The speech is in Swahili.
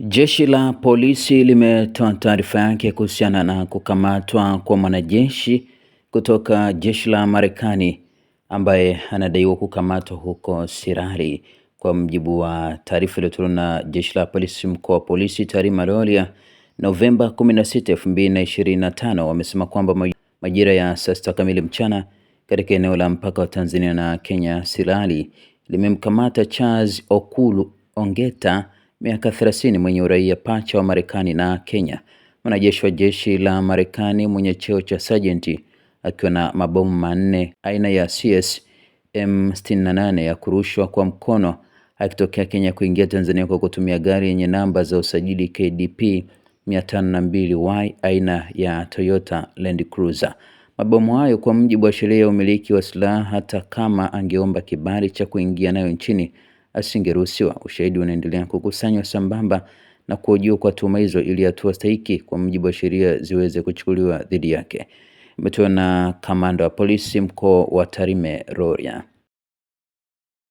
Jeshi la polisi limetoa taarifa yake kuhusiana na kukamatwa kwa mwanajeshi kutoka jeshi la Marekani ambaye anadaiwa kukamatwa huko Sirari. Kwa mjibu wa taarifa iliyotolewa na jeshi la polisi mkoa wa polisi Tarima Rorya Novemba 16, 2025, wamesema kwamba majira ya saa sita kamili mchana katika eneo la mpaka wa Tanzania na Kenya, Sirari limemkamata Charles Okulu Ongeta miaka 30 mwenye uraia pacha wa Marekani na Kenya, mwanajeshi wa jeshi la Marekani mwenye cheo cha sergeant akiwa na mabomu manne aina ya CS M68 ya kurushwa kwa mkono akitokea Kenya kuingia Tanzania kwa kutumia gari yenye namba za usajili KDP 502Y aina ya Toyota Land Cruiser. Mabomu hayo kwa mujibu wa sheria ya umiliki wa silaha, hata kama angeomba kibali cha kuingia nayo nchini asingeruhusiwa. Ushahidi unaendelea kukusanywa sambamba na kuhojiwa kwa tuhuma hizo ili hatua stahiki kwa mujibu wa sheria ziweze kuchukuliwa dhidi yake. Imetoa na kamanda wa polisi mkoa wa Tarime Rorya.